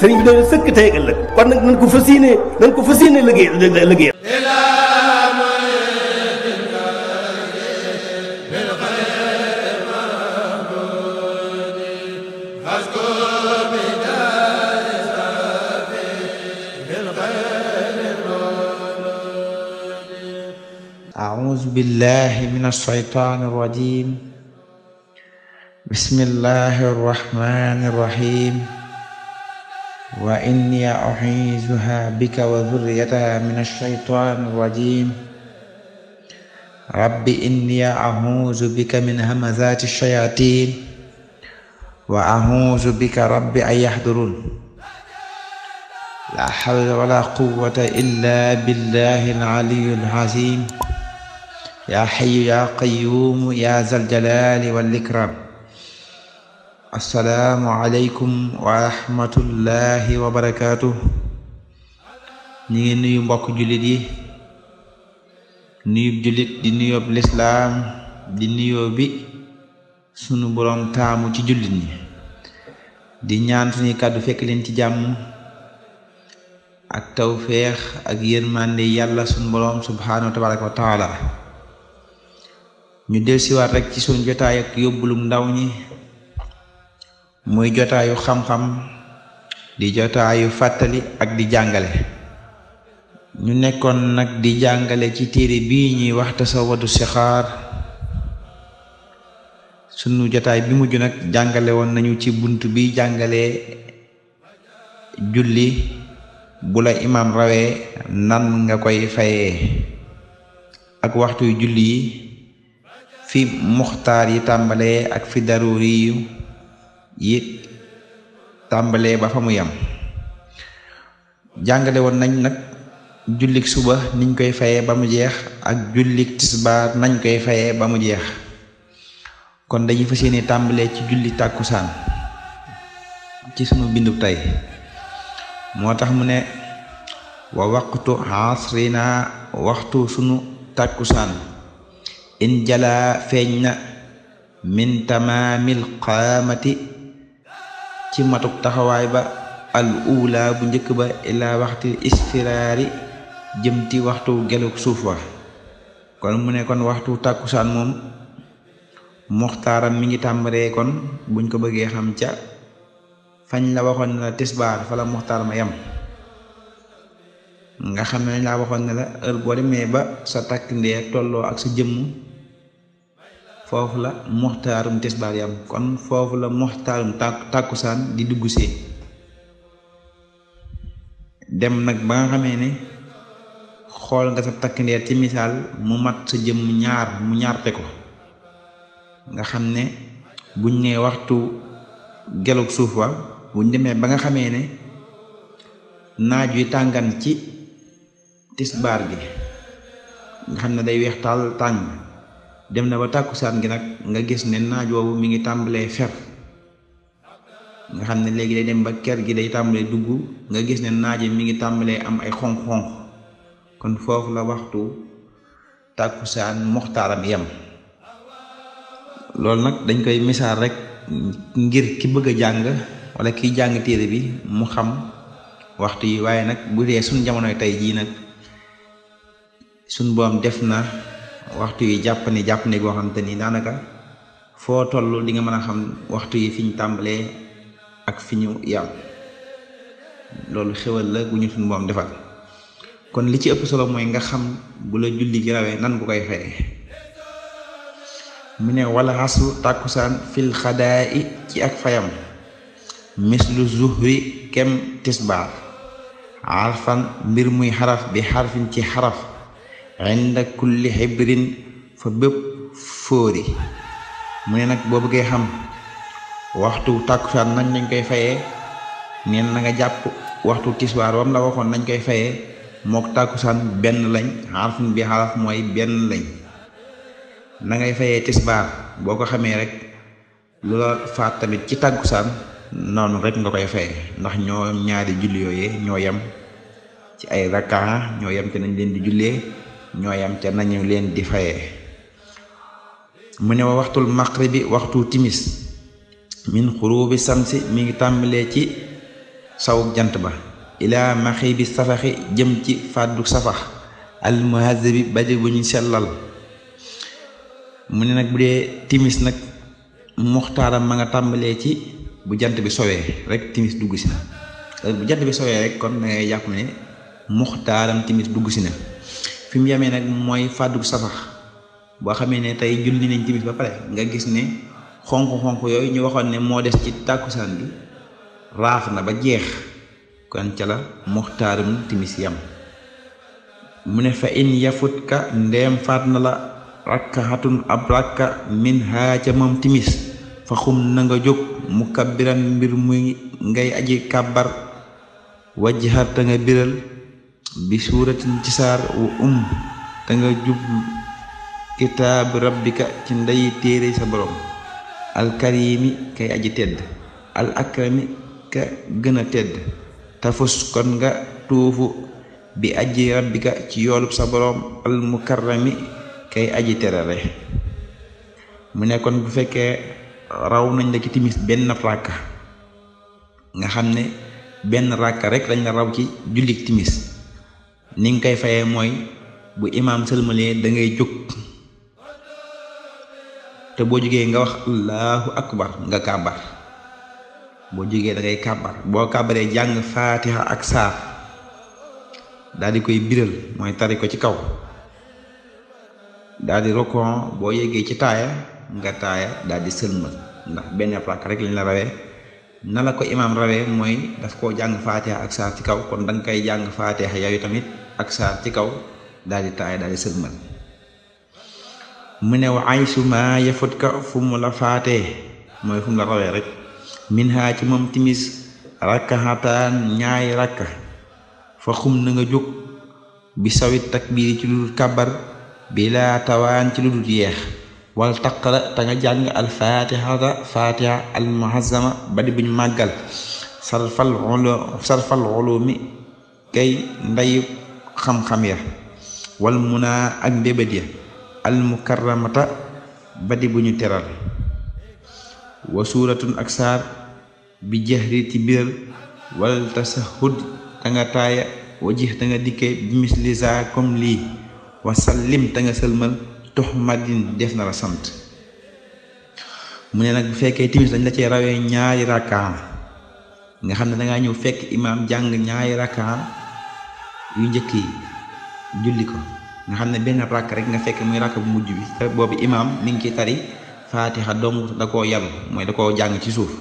sëriñ bi dana sëkk tey ëllëg kon nag nañ ko fas yéene nañ ko fas yéene liggéey liggéey أعوذ بالله من الشيطان الرجيم بسم الله الرحمن الرحيم wa inni u'iizuha bika wa dhurriyyataha mina shaytaani rajiim rabbi inni a'uuzu bika min hamazaati shayaatiin wa a'uuzu bika rabbi an yahduruun laa hawla walaa quwwata illaa billaahil aliyyil aziim yaa hayyu yaa qayyuum yaa zal jalaali wal ikraam assalaamu aleykum wa rahmatullahi wa ñi ngi nuyu mbokk jullit yi nuyu jullit di nuyoob lislaam di nuyoo bi sunu boroom taamu ci jullit ñi di ñaan suñu kàddu fekk leen ci jàmm ak tawféex ak yërmande yàlla sunu boroom subhaanahu wa ñu del siwaat rek ci suñu jotaay ak ndaw ñi muy jotaayu xam-xam di jotaayu fàttali ak di jàngale ñu nekkoon nag di jàngale ci téere bii ñuy wax tasawadu sixaar sunu jotaay bi mu nag jàngale woon nañu ci bunt bi jàngale julli bu la imaam rawee nan nga koy fayee ak waxtu julli yi fi muxtaar yi tàmbalee ak fi daruuri it tàmbalee ba fa mu yam jàngale woon nañ nag jullik suba niñ koy fayee ba mu jeex ak jullik tisbaar nañ koy fayee ba mu jeex kon dañuy fas yéene tàmbalee ci julli tàkkusaan ci sunu bindu tey moo tax mu ne wa waqtu xaasrina waxtu sunu tàkkusaan in jala feeñ na min tamaamil qaamati ci matuk taxawaay ba al ula bu njëkk ba ilaa waxti istiraari jëmti waxtu geluk suuf wa kon mu ne kon waxtu tàkkusaan moom muxtaaram mi ngi tàmbaree kon buñ ko bëggee xam ca fañ la waxoon ne la tisbaar fa la muxtaar ma yem nga xam ne lañ laa waxoon ne la heure boo ba sa takk ndee tolloo ak sa jëmm foofu la muxtaarum tisbaar yam kon foofu la muxtaarum tàkkusaan di dugg see dem nag ba nga xamee ne xool nga sa takk ndeer ci misaal mu mat sa jëm ñaar mu ñaarte ko nga xam ne buñ nee waxtu gelug suuf wa buñ demee ba nga xamee ne naaj wi tàngan ci tisbaar gi nga xam ne day weex taal tàng dem na ba tàkkusaan gi nag nga gis ne naaj woowu mi ngi tàmbalee fer nga xam ne léegi day dem ba ker gi day tàmbalee dugg nga gis ne naaj mi ngi tàmbalee am ay xonq-xonq kon foofu la waxtu tàkkusaan moxtaaram yem loolu nag dañ koy misaal rek ngir ki bëgg a jàng wala kiy jàng téere bi mu xam waxtu yi waaye nag bu dee suñ jamonoy tey jii nag suñ boom def na waxtu yi jàpp ne jàpp ne goo xamante ni daanaka foo toll di nga mën a xam waxtu yi fi ñu tàmbalee ak fi ñu yam loolu xéwal la gu ñu suñu moom defal kon li ci ëpp solo mooy nga xam bula la julli gi nan bu koy fayee mu ne wala xasu tàkkusaan fil xadaa i ci ak fayam mislu zuhri kem tisbaar arfan mbir muy xaraf bi xarfin ci xaraf inda kulli xibrin fa bépp fóori mu ne nag boo bëggee xam waxtu tàkkusaan nañ lañ koy fayee neen na nga jàpp waxtu tisbaar wam waxoon nañ koy fayee mook tàkkusaan benn lañ xarfun bi mooy benn lañ na ngay fayee tisbaar boo ko xamee rek lu la faat tamit ci tàkkusaan noonu rek nga koy fayee ndax ñoo ñaari julli yooyee ñoo yem ci ay rakkaa ñoo yem te nañ leen di jullee ñooyam ca nañu leen di fayee mu ne wa waxtul maqribi waxtu timis min xurubi samsi mi ngi tàmbalee ci sawuk jant ba ilaa bi safaxi jëm ci fàddu safax bi baje bu ñu sellal mu ne nag bu dee timis nag muxtaaram ma nga tàmbalee ci bu jant bi sowee rek timis dugg si na euh, bu jant bi sowee rek kon da ngay jàpp ne muxtaaram timis dugg si na fi mu yemee nag mooy fàddug safar boo xamee ne tey julli nañ timis ba pare nga gis ne xonq-xonq yooyu ñu waxoon ne moo des ci tàkkusaan bi raaf na ba jeex kon ca la muxtaarum timis yam mu ne fa in yafut ka ndeem faat na la rakka xatun ab rakka min haa ca moom timis fa xum na nga jóg mu kabbiran mbir muy ngay aji kàbbar wajjaxar ta nga biral bi suuratin ci saar wa um te nga jub kitaabi rabbika ci ndey téere sa borom alkarimi kay aji tedd al ka gën a tedd tafus kon nga tuufu bi aji rabbika ci yoolub sa borom al mukarrami kay aji terare mu nekkoon bu fekkee raw nañ la ci timis benn ràkka nga xam ne benn ràkka rek lañ la raw ci jullik timis ni nga koy fayee mooy bu imaam sëlmalee da jóg te boo jógee nga wax allahu akbar nga kàbbar boo jógee dangay ngay boo kàbbaree jàng faatiha ak saar daal di koy biral mooy tari ko ci kaw daal di rokon boo yéegee ci taaya nga taaya daal di sëlmal ndax benn plaque rek lañ la rawee na la ko imaam rawee mooy daf koo jàng faatiha ak saar ci kaw kon da nga koy jàng faatiha yooyu tamit ak saar ci kaw daal di taay daal di sëlmal mu ne wa aysu ma yafut ka mu la faatee mooy fu mu la rawee rek min haa ci moom timis rakkaxataan ñaay rakka fa xum na nga jóg bi sawit takbiir ci lu dul kàbbar bi tawaan ci lu dul yeex wal taqra te nga jàng alfatihata fatiha almuhazama ba di buñ màggal sarfal ulu sarfal ulumi kay nday xam-xam ya wal munaa ak mbébét ya almukarramata badi bu ñu teral wa suuratun ak saar bi jahri ci biral wal tasahud ta nga taaya wa jix ta nga dikkee bi misli comme lii wa sallim ta nga sëlmal tox madin def na la sant mu ne nag bu fekkee timis dañ la cee rawee ñaari rakkaan nga xam ne danga ñëw fekk imaam jàng ñaari rakkaan yu njëkk yi julli ko nga xam ne benn ràkk rek nga fekk muy ràkk bu mujj bi te boobu imaam mi ngi ci tari faatixa dong da ko yàll mooy da koo jàng ci suuf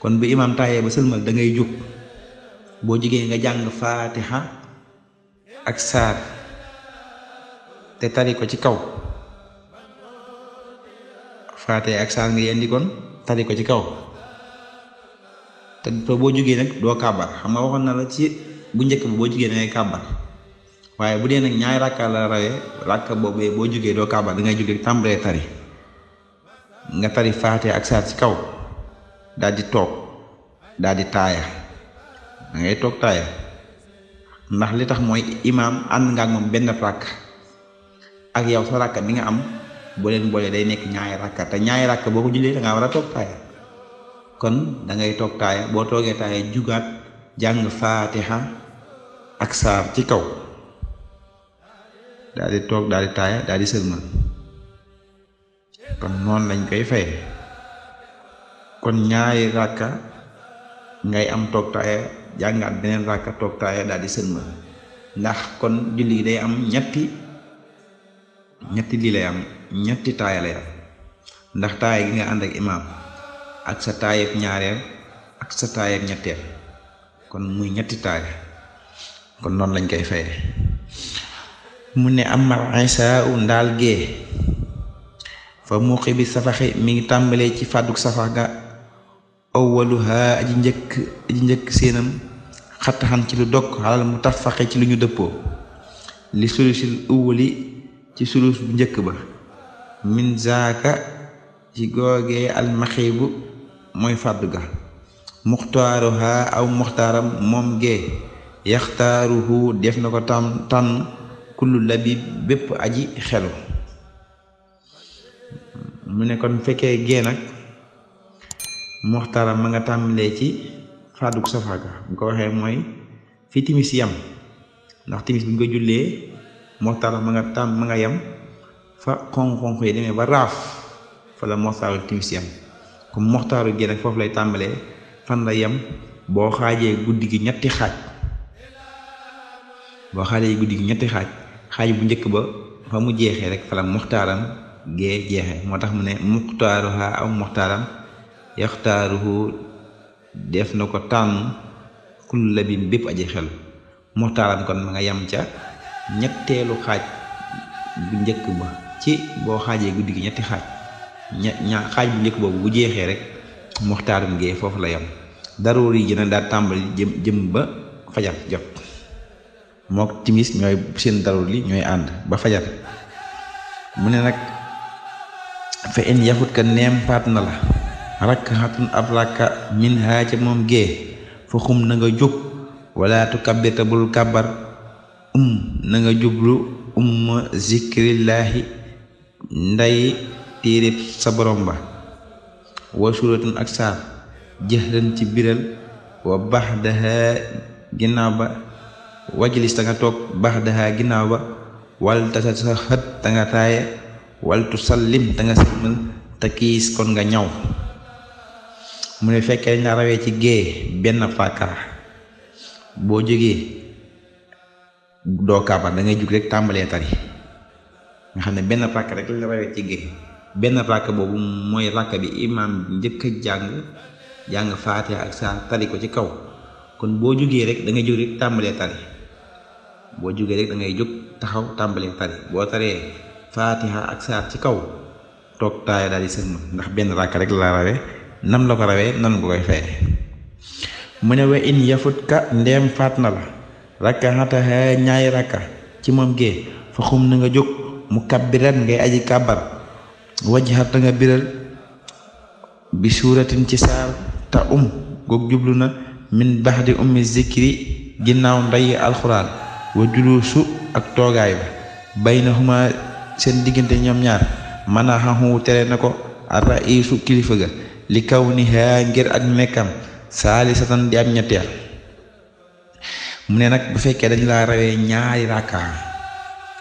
kon bu imaam taayee ba sëlmal dangay ngay jug boo jugee nga jàng faatixa ak saar te tari ko ci kaw faate ak saar nga yendi tari ko ci kaw te boo jógee nag doo kàbbar xam nga waxoon na la ci bu njëkk ba boo jugee da ngay waaye bu dee nag ñaari rakka la rawee rakka boobu boo jugee doo kàbbar da ngay jugee tàmbalee tari nga tari faatee ak saar ci kaw daal di toog daal di taaya da ndax li tax mooy imaam ànd nga moom benn rakk ak yow sa bi nga am boo leen boolee day nekk ñaari rakka ñaari rakka boo ko da ngaa war a toog taaya kon da toog taaya boo toogee taaya jugaat jàng faatiha ak saar ci kaw daal di toog daal di taaya daal di sëlmal kon noonu lañ koy faye kon ñaari ràkka ngay am toog taaya jàngaat beneen ràkka toog taaya daal di sëlmal ndax kon julli gi day am ñetti ñetti lii lay am ñetti taaya lay ndax taaya gi nga ànd ak imaam ak sa taayeb ñaareel ak sa taayeb ñetteel kon muy ñetti taaya kon noonu lañ koy faye mu ne amal isaa u ndaal gee fa muqi bi safaxi mi ngi tàmbalee ci fàdduk safax ga awwaluha aji njëkk aji njëkk séenam xattaxan ci lu dog xalal mu faxe ci lu ñu dëppoo li sulusil uwali ci sulus bu njëkk ba min zaaka ci googee almaxibu mooy fàddu ga muxtaaruha aw muxtaaram moom gee yaxtaaruhu def na ko tam tànn la bi bépp aji xelu mu ne kon fekkee gee nag muxtaram ma nga tàmbalee ci faduk safaga bu ko waxee mooy fi timis yam ndax timis bi nga jullee muxtaram ma nga tàmm ma nga yam fa xonq-xonq yi demee ba raaf fa la muxtaaru timis yam lay tàmbalee fan la yam boo xaajee guddi gi ñetti xaaj boo xaajee guddi gi ñetti xaaj xaaj bu njëkk ba fa mu jeexee rek fala muxtaaram gee jeexe moo tax mu ne muxtaaruha aw muxtaaram yaxtaaruhu def na ko tànn kulla bi bépp aji xel muxtaaram kon nga yem ca ñetteelu xaaj bu njëkk ba ci boo xaajee guddi gi ñetti xaaj ña xaaj bu njëkk boobu bu jeexee rek muxtaaram gee foofu la yam daruur yi gën tàmbali jëm ba fajar jot moo timis ñooy seen darul li ñooy ànd ba fajar mu ne nag fa in yafut ka neempaat na la rakkaatun ab rakka min haa moom gee fa xum na nga jóg wala tu kabbirta kàbbar um na nga jublu umma zikrillaahi nday téeréb sa borom ba wa suratun ak saar jëxran ci biral wa baxdaha ginnaaw ba wajlis ta nga toog baax daxaa ginnaaw ba wal tasa sa xët ta nga taaya wal sallim ta nga te kiis kon nga ñaw mu ne fekkee dañ la ci gée benn fàkkara boo jógee doo kaabar da ngay jug tàmbalee tari xam ne benn ràkk rek lañ la rawee ci gée benn ràkk boobu mooy ràkk bi imaam njëkk a jàng jàng faatiha ak saar tari ko ci kaw kon boo jógee rek dangay ngay jug tàmbalee tari boo jógee rek da jóg taxaw tàmbali tari boo taree faatiha ak saar ci kaw toog taaya daal di sëlmal ndax benn ràkk rek la rawee nam la ko rawee nan nga koy fayee mu ne we in yafut ka ndeem faat na la rakka xataxa ñaay rakka ci moom gee fa xum na nga jóg mu kabbirat ngay aji kàbbar wajxar ta nga biral bi suuratin ci saar ta um goog jublu na min bax di ummi zikri ginnaaw nday alxuraan wa su ak toogaay ba baynahuma seen diggante ñoom ñaar manaxahu tere na ko su kilifa ga li kaw ni haa ngir ak nekkam saalisatan di am ñetteel mu ne nag bu fekkee dañ laa rawee ñaari rakkaa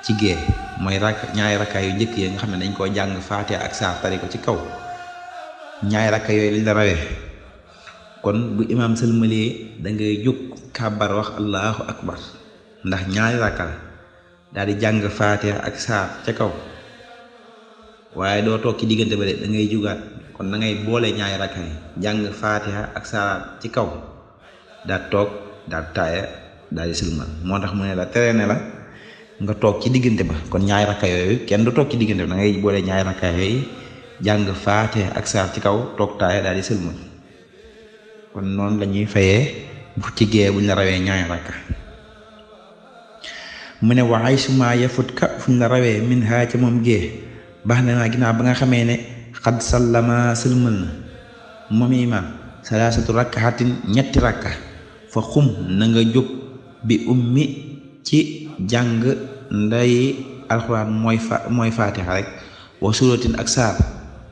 ci gée mooy rakk ñaari rakkaa yu njëkk yi nga xam ne dañ koo jàng faate ak saar tari ci kaw ñaari rakka yooyu lañ la rawee kon bu imaam sëlmalee da ngay jóg kàbbar allahu akbar ndax ñaari ràkka la daal di jàng faatiha ak saar ca kaw waaye doo toog ci diggante ba de da ngay kon na ngay boole ñaari ràkka jàng faatiha ak saar ci kaw daal toog daal taaya daal di silmal moo tax mu ne la tere la nga toog ci diggante ba kon ñaari rakka yooyu kenn du toog ci diggante ba da ngay boole ñaari rakka yooyu jàng faate ak saar ci kaw toog taaya daal di sëlmal kon noonu la ñuy bu ci gee buñ la rawee ñaari rakka mu ne wa aysuma yafut ka fuñ la rawee min haa ca moom gée baax na naa ginnaaw ba nga xamee ne xad sallama sëlmal na moom imaam salaasatu rakkaxatin ñetti rakka fa xum na nga jóg bi ummi ci jàng nday alxuraan mooy fa mooy faatixa rek wa suratin ak saar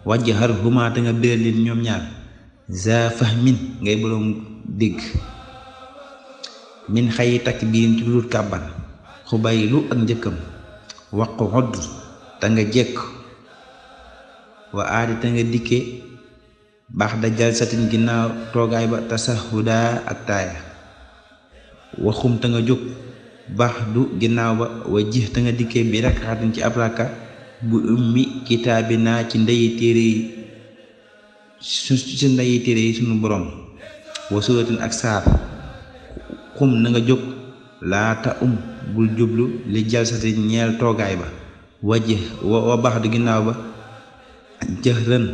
wàjj xar huma nga biral ñoom ñaar za fahmin ngay boroom dégg min xayi takk biin ci lu dul xubaylu ak njëkkam waqu xodd te nga jekk wa aadi te nga dikke baax da jalsatin ginnaaw toogaay ba tasahuda ak taaya waxum te nga jóg baax du ginnaaw ba wa jix te nga dikkee bi rakaatin ci ab rakka bu ummi kitaabi naa ci ndeyi téere yi ci ndeyi téere yi sunu borom wa suratin ak saar xum na nga jóg laata um bul jublu li jalsati ñeel toogaay ba wajj wa bax du ginnaaw ba jëx rën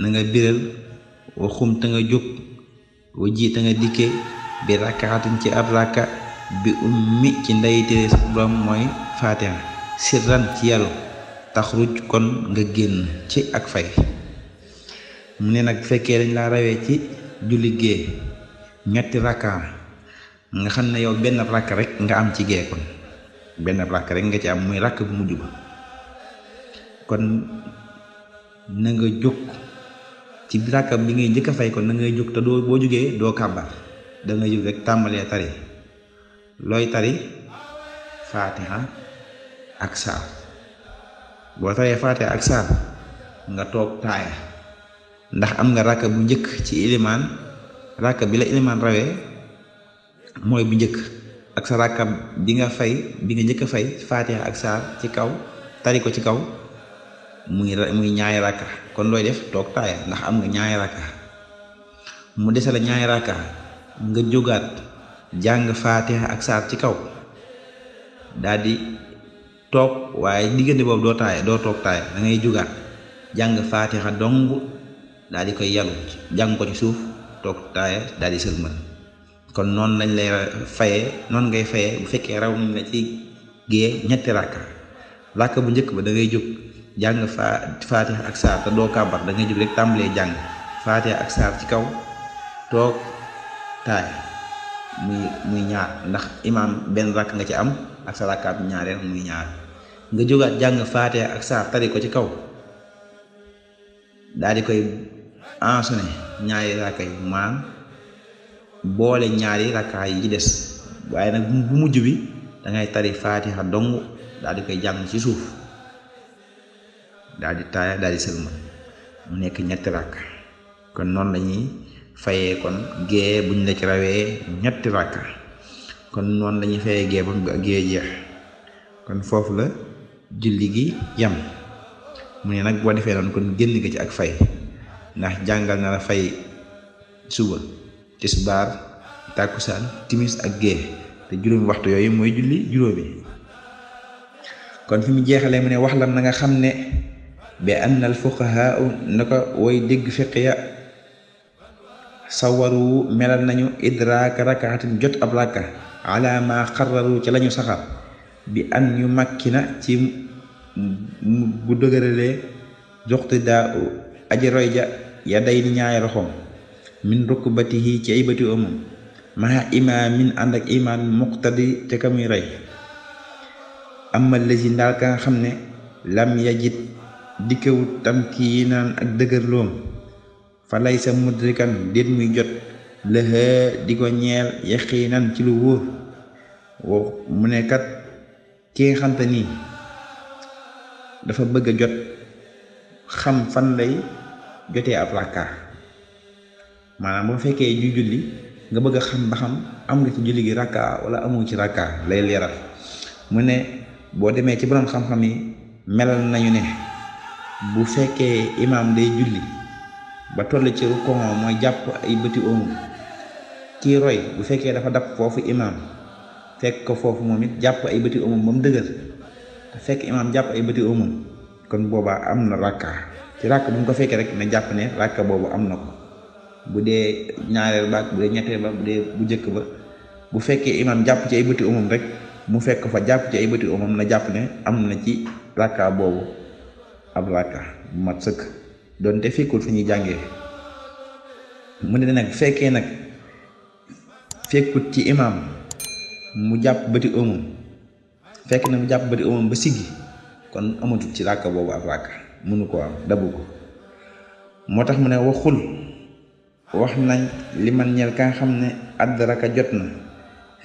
na nga biral wa xum nga jóg wa ji nga dikke bi rakkaxatin ci ab rakka bi ummi ci nday téere borom mooy faatiha sirran ci yàlla taxruj kon nga génn ci ak fay mu ne nag fekkee dañ la rawee ci julli gee ñetti rakka nga xam ne yow benn rakk rek nga am ci gee kon benn rakk rek nga ci am muy rakk bu mu ba kon na nga jóg ci rakk bi ngay njëkk a fay kon na ngay jóg te doo boo jógee doo kàbbar da nga jóg rek tàmbalee tari looy tari faatiha ak saar boo taree faatiha ak saar nga toog taaya ndax am nga rakk bu njëkk ci ilimaan rakk bi la ilimaan rawee mooy bu njëkk ak sa rakkam bi nga fay bi nga njëkk a fay faatiha ak saar ci kaw tari ko ci kaw mu ngi muy muy ñaari rakka kon looy def toog taaya ndax am nga ñaari rakka mu dese la ñaari rakka nga jógaat jàng faatiha ak saar ci kaw daal di toog waaye diggante boobu doo taaya doo toog taaya da ngay jógaat jàng faatiha dong dal di koy yalu jàng ko ci suuf toog taaya daal di sëlmal kon noonu lañ lay fayee noonu ngay fayee bu fekkee raw nañ la ci gée ñetti rakka rakka bu njëkk ba dangay jóg jàng fa faatiha ak saar te doo kàbbar dangay ngay jóg rek tàmbalee jàng faatiha ak saar ci kaw toog taay muy muy ñaar ndax imaam benn rakk nga ci am ak sa rakkaab ñaareel muy ñaar nga jógaat jàng faatiha ak saar tari ko ci kaw daal di koy ensonné ñaari rakka yu maam boole ñaari rakkaa yi ci des waaye nag bu mujj bi dangay tari faatiha dong daal di koy jàng ci suuf daldi di taaya daal sëlma mu nekk ñetti rakk kon noonu lañuy fayee kon gée buñ la ci rawee ñetti rakk kon noonu lañuy fayee gée ba kon foofu la julli gi yam mu ne nag boo defee noonu kon génn nga ci ak fay ndax jàngal na la fay suba tisbaar tàkkusaan timis ak gée te juróomi waxtu yooyu mooy julli juróomi kon fi mu jeexalee mu ne wax lam na nga xam ne bi ann al fuqahaa na ko woy dégg féq ya sawaru melal nañu idraaka rakaatin jot ab rakka ala ma xararu lañu saxar bi an yu màkki na ci bu dëgëralee joxti daa roy ja ya day ñaay roxoom min rukkubatihi ci ay bëti amum maa imaamin ànd ak imaam muqtadi te ka muy rey amal lësi ndaal ka nga xam ne lam yajit dikkewut tam ki yi naan ak dëgër fa lay sa mudrikan déet muy jot lëxë di ko ñeel yaqiinan ci lu wóor mu ne kat ki nii dafa bëgg a jot xam fan lay jotee ab ràkkaa maanaam bu fekkee ju julli nga bëgg a xam ba xam am nga ci julli gi rakka wala amoo ci rakka lay leeral mu ne boo demee ci borom xam-xam yi melal nañu ne bu fekkee imaam day julli ba toll ci rukon mooy jàpp ay bëti oomu kii roy bu fekkee dafa dab foofu imaam fekk ko foofu moom it jàpp ay bëti oomu ba mu dëgër fekk imaam jàpp ay bëti oomu kon boobaa am na rakka ci rakka bu mu ko fekkee rek na jàpp ne rakka boobu am na ko. bu dee ñaareel ba bu dee ñetteel ba bu dee bu njëkk ba bu fekkee imam jàpp ci ay bëti umam rek mu fekk fa jàpp ci ay bëti umam na jàpp ne am na ci rakka boobu ab rakka bu mat sëkk doonte fekkul ñuy jàngee mu ne nag fekkee nag fekkut ci imam mu jàpp bëti umam na jàpp bëti umam ba kon amatul ci rakka boobu ab rakka mënu ko am dabu ko moo tax mu ne waxul wax nañ liman man ñel ka nga xam ne addaraka jot na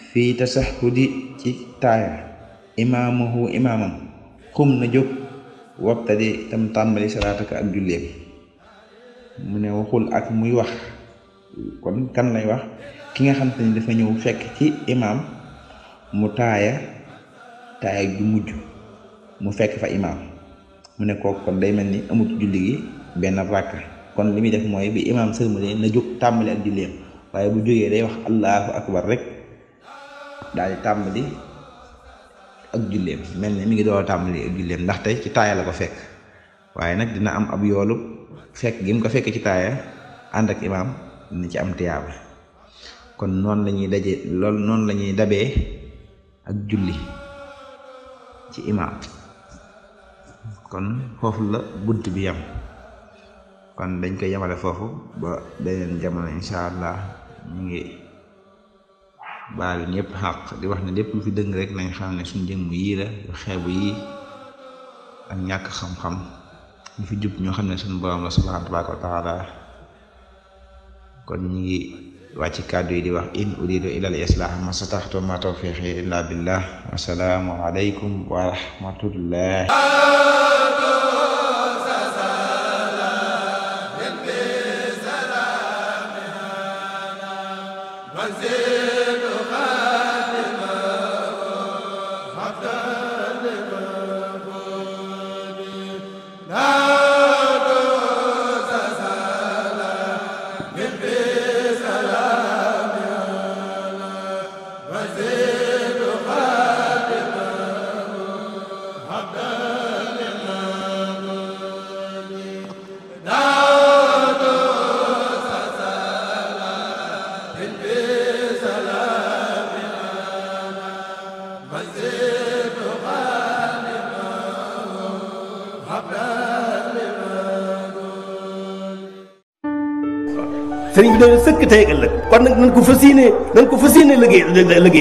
fii tasahudi ci taaya imaamuhu imaamam xum na jóg wabtadi tam tàmbali salaataka ak jullee mu ne waxul ak muy wax kon kan lay wax ki nga xam te ni dafa ñëw fekk ci imaam mu taaya taaya ju mujj mu fekk fa imaam mu ne kooku kon day mel ni amut julli gi benn ràkka kon li muy def mooy bi imaam sërmale na jóg tàmbali ak julleem waaye bu jógee day wax allahu akbar rek daal di tàmbali ak julleem mel ne mi ngi doo tàmbali ak julleem ndaxte ci taaya la ko fekk waaye nag dina am ab yoolu fekk gi mu ko fekk ci taaya ànd ak imaam dina ci am tiyaaba kon noonu la ñuy daje loolu noonu la ñuy dabee ak julli ci imaam kon foofu la bunt bi yam kon dañ koy yamale foofu ba beneen jamono insha allah ñu ngi baalu ñëpp xaq di wax ne lépp lu fi dëng rek nañ xam ne suñ jëmm yii la yu xeebu yii ak ñàkk xam-xam lu fi jub ñoo xam ne suñ borom la subhanahu tabaraka wa kon ñu ngi wàcc kàddu yi di wax in uridu ilal islah ma sataxtu ma tawfiqi illa billah wasalaamu aleykum wa rahmatullah sëriñ bi doon sëkk tey ak ëllëg kon nag nañ ko fas yéene nañ ko fas yéene liggéey liggéey